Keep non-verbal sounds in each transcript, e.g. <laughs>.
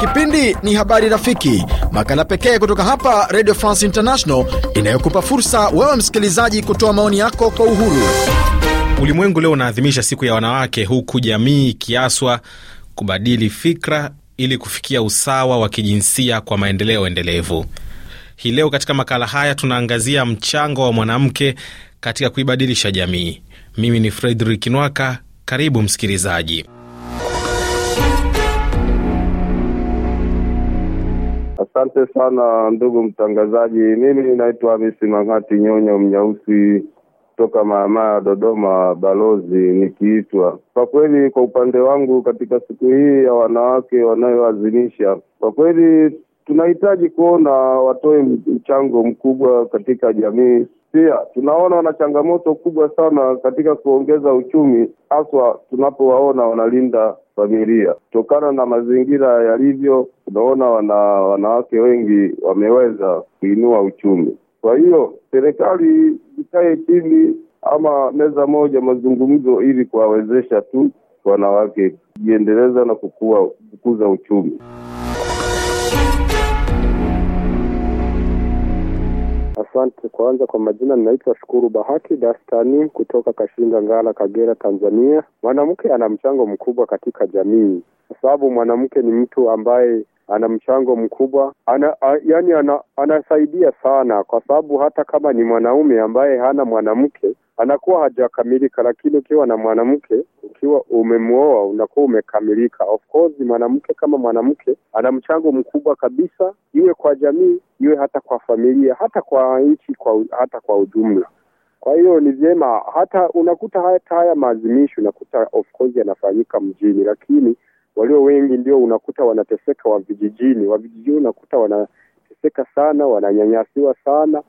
Kipindi ni Habari Rafiki, makala pekee kutoka hapa Radio France International inayokupa fursa wewe msikilizaji kutoa maoni yako kwa uhuru. Ulimwengu leo unaadhimisha siku ya wanawake, huku jamii ikiaswa kubadili fikra ili kufikia usawa wa kijinsia kwa maendeleo endelevu. Hii leo katika makala haya tunaangazia mchango wa mwanamke katika kuibadilisha jamii. Mimi ni Fredrik Nwaka. Karibu msikilizaji. Asante sana ndugu mtangazaji, mimi naitwa Hamisi Mang'ati Nyonyo Mnyausi toka Maamaa ya Dodoma, balozi nikiitwa. Kwa kweli, kwa upande wangu, katika siku hii ya wanawake wanayoazimisha, kwa kweli tunahitaji kuona watoe mchango mkubwa katika jamii, pia tunaona wana changamoto kubwa sana katika kuongeza uchumi, haswa tunapowaona wanalinda familia kutokana na mazingira yalivyo. Tunaona wana wanawake wengi wameweza kuinua uchumi. Kwa hiyo serikali ikae chini ama meza moja mazungumzo, ili kuwawezesha tu wanawake kujiendeleza na kukua kukuza uchumi. Asante. Kwanza kwa majina, ninaitwa Shukuru Bahati Dastani kutoka Kashinga Ngala, Kagera, Tanzania. Mwanamke ana mchango mkubwa katika jamii, kwa sababu mwanamke ni mtu ambaye ana mchango mkubwa ana, a, yani ana, anasaidia sana, kwa sababu hata kama ni mwanaume ambaye hana mwanamke anakuwa hajakamilika, lakini ukiwa na mwanamke, ukiwa umemwoa, unakuwa umekamilika. Of course mwanamke kama mwanamke ana mchango mkubwa kabisa, iwe kwa jamii, iwe hata kwa familia, hata kwa nchi, kwa hata kwa ujumla. Kwa hiyo ni vyema, hata unakuta hata haya maadhimisho unakuta of course yanafanyika mjini, lakini walio wengi ndio unakuta wanateseka, wa vijijini. Wa vijijini unakuta wanateseka sana, wananyanyasiwa sana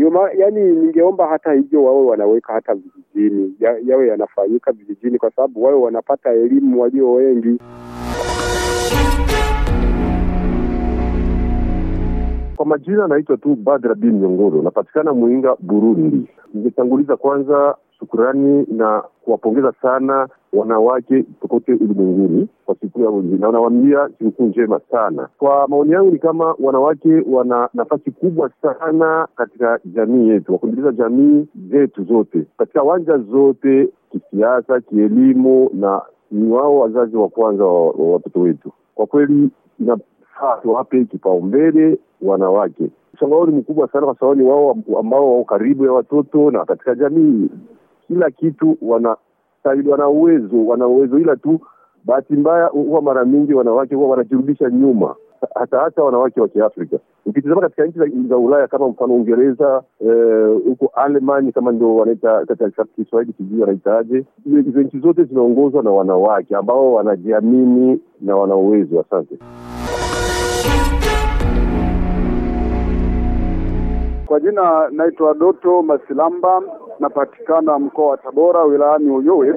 Yuma, yani ningeomba hata hivyo wawe wanaweka hata vijijini ya, yawe yanafanyika vijijini kwa sababu wawe wanapata elimu walio wengi. Kwa majina naitwa tu Badra bin Nyongoro, napatikana Muinga, Burundi. Ningetanguliza kwanza shukurani na kuwapongeza sana wanawake kote ulimwenguni kwa siku ya na wanawambia sikukuu njema sana. Kwa maoni yangu, ni kama wanawake wana nafasi kubwa sana katika jamii yetu, wakuendeleza jamii zetu zote katika wanja zote, kisiasa, kielimu, na ni wao wazazi wa kwanza wa watoto wetu. Kwa kweli inafaa tuwape kipaumbele wanawake. Mchango wao ni mkubwa sana, kwa sababu ni wao ambao wao karibu ya watoto na katika jamii, kila kitu wana stahili, wana uwezo, wana uwezo, ila tu bahati mbaya huwa mara mingi wanawake huwa wanajirudisha nyuma hata hata wanawake wa Kiafrika. Ukitizama katika nchi za Ulaya kama mfano Uingereza, eh, huko eh, Alemani kama ndio wanaita katika Kiswahili sijui wanaitaje, hizo nchi zote zinaongozwa na wanawake ambao wanajiamini na wana uwezo. Asante. Kwa jina naitwa Doto Masilamba, napatikana mkoa wa Tabora wilayani Uyui.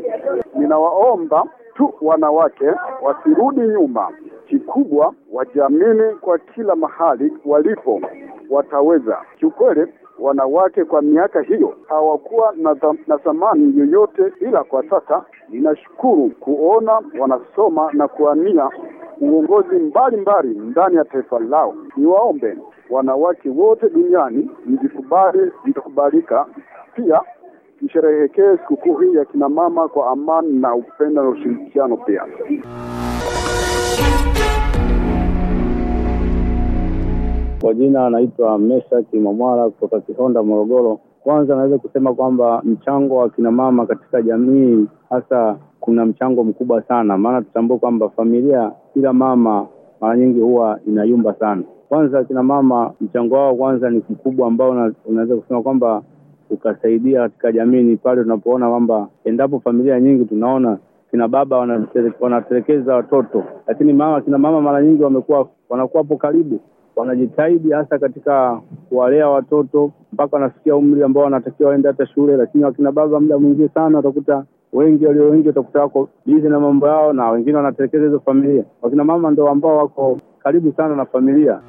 Ninawaomba tu wanawake wasirudi nyuma, kikubwa wajiamini kwa kila mahali walipo, wataweza. Kiukweli wanawake kwa miaka hiyo hawakuwa na thamani yoyote, ila kwa sasa ninashukuru kuona wanasoma na kuania uongozi mbalimbali ndani ya taifa lao. Niwaombe wanawake wote duniani mjikubali, mtakubalika pia isherehekee sikukuu hii ya kinamama kwa amani na upendo na ushirikiano pia. Kwa jina anaitwa mesha Kimamwara kutoka Kihonda, Morogoro. Kwanza naweza kusema kwamba mchango wa kinamama katika jamii hasa kuna mchango mkubwa sana, maana tutambue kwamba familia kila mama mara nyingi huwa inayumba sana. Kwanza kina mama mchango wao kwanza ni mkubwa, ambao unaweza kusema kwamba ukasaidia katika jamii ni pale tunapoona kwamba endapo familia nyingi tunaona kina baba wanatelekeza watoto, lakini mama, kina mama mara nyingi wamekuwa wanakuwa hapo karibu, wanajitahidi hasa katika kuwalea watoto mpaka wanafikia umri ambao wanatakiwa waende hata shule. Lakini wakina baba muda mwingi sana utakuta wengi walio wengi utakuta wako bizi na mambo yao, na wengine wanatelekeza hizo familia. Wakina mama ndo ambao wako karibu sana na familia.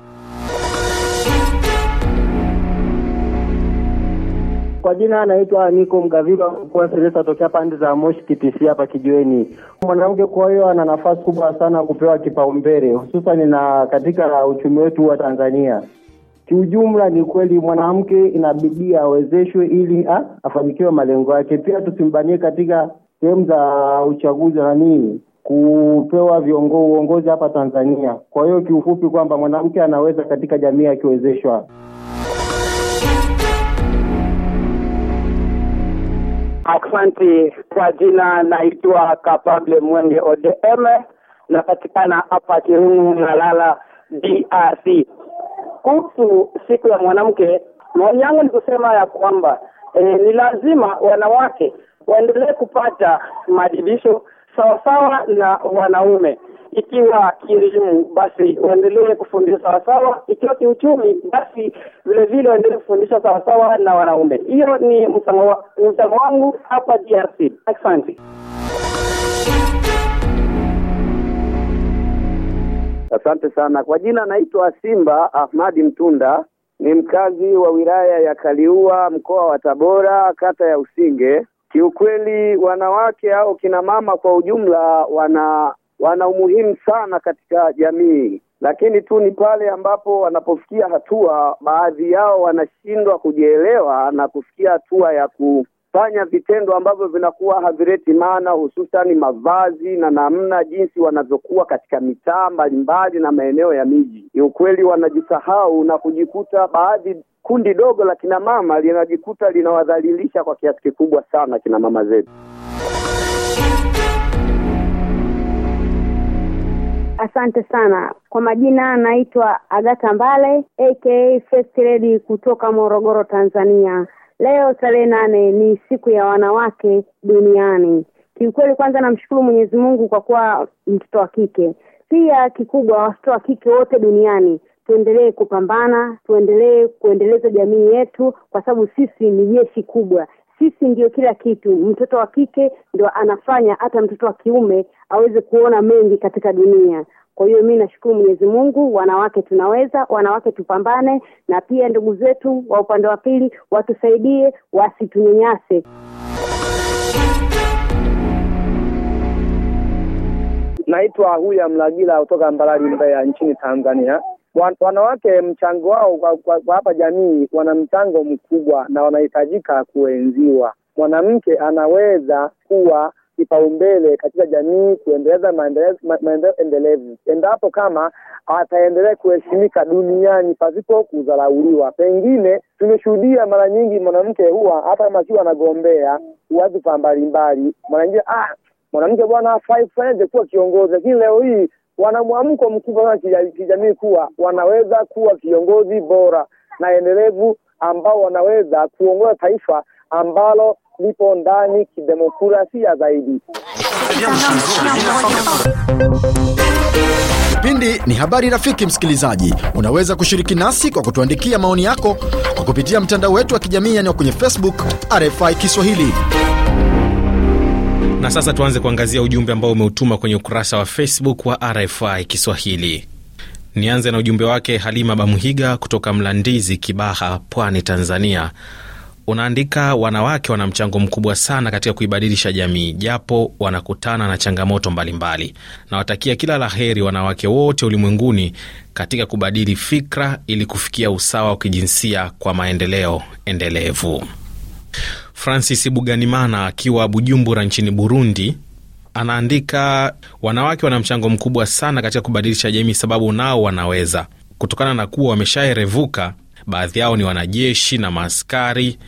Kwa jina anaitwa Niko Mgavira kwa Selesa tokea pande za Moshi TPC hapa Kijweni. Mwanamke kwa hiyo ana nafasi kubwa sana kupewa kipaumbele hususan na katika uchumi wetu wa Tanzania. Kiujumla ni kweli mwanamke inabidi awezeshwe ili afanikiwe malengo yake. Pia tusimbanie katika sehemu za uchaguzi na nini kupewa viongo, uongozi hapa Tanzania. Kwa hiyo kiufupi kwamba mwanamke anaweza katika jamii akiwezeshwa. Asante. Kwa jina naitwa Kapable Mwenge ODM, napatikana hapa Kirungu Ngalala, DRC. Kuhusu siku ya mwanamke, maoni yangu ni kusema ya kwamba eh, ni lazima wanawake waendelee kupata maadibisho sawasawa na wanaume. Ikiwa kielimu, basi waendelee kufundisha sawasawa. Ikiwa kiuchumi, basi vilevile waendelee kufundisha sawasawa na wanaume. Hiyo ni mchango wangu hapa DRC. Asante. Asante sana. Kwa jina naitwa Simba Ahmadi Mtunda, ni mkazi wa wilaya ya Kaliua, mkoa wa Tabora, kata ya Usinge. Kiukweli, wanawake au kina mama kwa ujumla wana wana umuhimu sana katika jamii, lakini tu ni pale ambapo wanapofikia hatua, baadhi yao wanashindwa kujielewa na kufikia hatua ya kufanya vitendo ambavyo vinakuwa havileti maana, hususani mavazi na namna jinsi wanavyokuwa katika mitaa mbalimbali na maeneo ya miji. Ni ukweli wanajisahau na kujikuta baadhi kundi dogo la kina mama linajikuta linawadhalilisha kwa kiasi kikubwa sana kina mama zetu. Asante sana. Kwa majina anaitwa Agata Mbale aka First Lady kutoka Morogoro, Tanzania. Leo tarehe nane ni siku ya wanawake duniani. Kiukweli, kwanza namshukuru Mwenyezi Mungu kwa kuwa mtoto wa kike. Pia kikubwa, watoto wa kike wote duniani tuendelee kupambana, tuendelee kuendeleza jamii yetu, kwa sababu sisi ni jeshi kubwa sisi ndio kila kitu. Mtoto wa kike ndo anafanya hata mtoto wa kiume aweze kuona mengi katika dunia. Kwa hiyo mi nashukuru Mwenyezi Mungu, wanawake tunaweza, wanawake tupambane, na pia ndugu zetu wa upande wa pili watusaidie, wasitunyanyase. Naitwa Huya Mlagila kutoka Mbarali, Mbeya nchini Tanzania wanawake mchango wao kwa, kwa, kwa hapa jamii wana mchango mkubwa na wanahitajika kuenziwa. Mwanamke anaweza kuwa kipaumbele katika jamii kuendeleza maendeleo endelevu endapo kama ataendelea kuheshimika duniani pasipo kudharauliwa. Pengine tumeshuhudia mara nyingi mwanamke huwa hata kama akiwa anagombea wadhifa mbalimbali, mara ah, mwanamke bwana hafai kufanyaje kuwa kiongozi, lakini leo hii wanamwamko mkubwa sana kijamii kuwa wanaweza kuwa viongozi bora na endelevu ambao wanaweza kuongoza taifa ambalo lipo ndani kidemokrasia zaidi. Kipindi ni habari rafiki. Msikilizaji, unaweza kushiriki nasi kwa kutuandikia maoni yako kwa kupitia mtandao wetu wa kijamii, yaani kwenye Facebook RFI Kiswahili. Na sasa tuanze kuangazia ujumbe ambao umeutuma kwenye ukurasa wa Facebook wa RFI Kiswahili. Nianze na ujumbe wake Halima Bamuhiga kutoka Mlandizi, Kibaha, Pwani, Tanzania. Unaandika, wanawake wana mchango mkubwa sana katika kuibadilisha jamii, japo wanakutana na changamoto mbalimbali. Nawatakia kila la heri wanawake wote ulimwenguni katika kubadili fikra ili kufikia usawa wa kijinsia kwa maendeleo endelevu. Francis Buganimana akiwa Bujumbura nchini Burundi anaandika, wanawake wana mchango mkubwa sana katika kubadilisha jamii, sababu nao wanaweza, kutokana na kuwa wameshaerevuka. Baadhi yao ni wanajeshi na maaskari,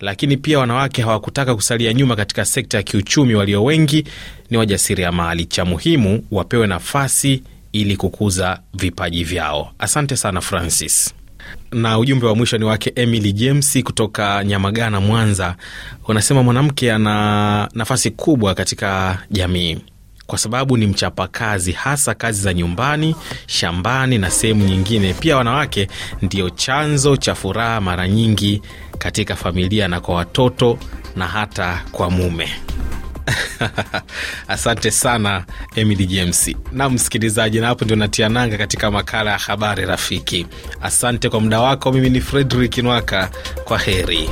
lakini pia wanawake hawakutaka kusalia nyuma katika sekta ya kiuchumi. Walio wengi ni wajasiriamali. Cha muhimu wapewe nafasi ili kukuza vipaji vyao. Asante sana Francis. Na ujumbe wa mwisho ni wake Emily James kutoka Nyamagana, Mwanza. Unasema mwanamke ana nafasi kubwa katika jamii kwa sababu ni mchapakazi, hasa kazi za nyumbani, shambani na sehemu nyingine. Pia wanawake ndio chanzo cha furaha mara nyingi katika familia na kwa watoto na hata kwa mume. <laughs> Asante sana Emily James na msikilizaji, na hapo ndio natia nanga katika makala ya habari rafiki. Asante kwa muda wako. Mimi ni Fredrik Nwaka, kwa heri.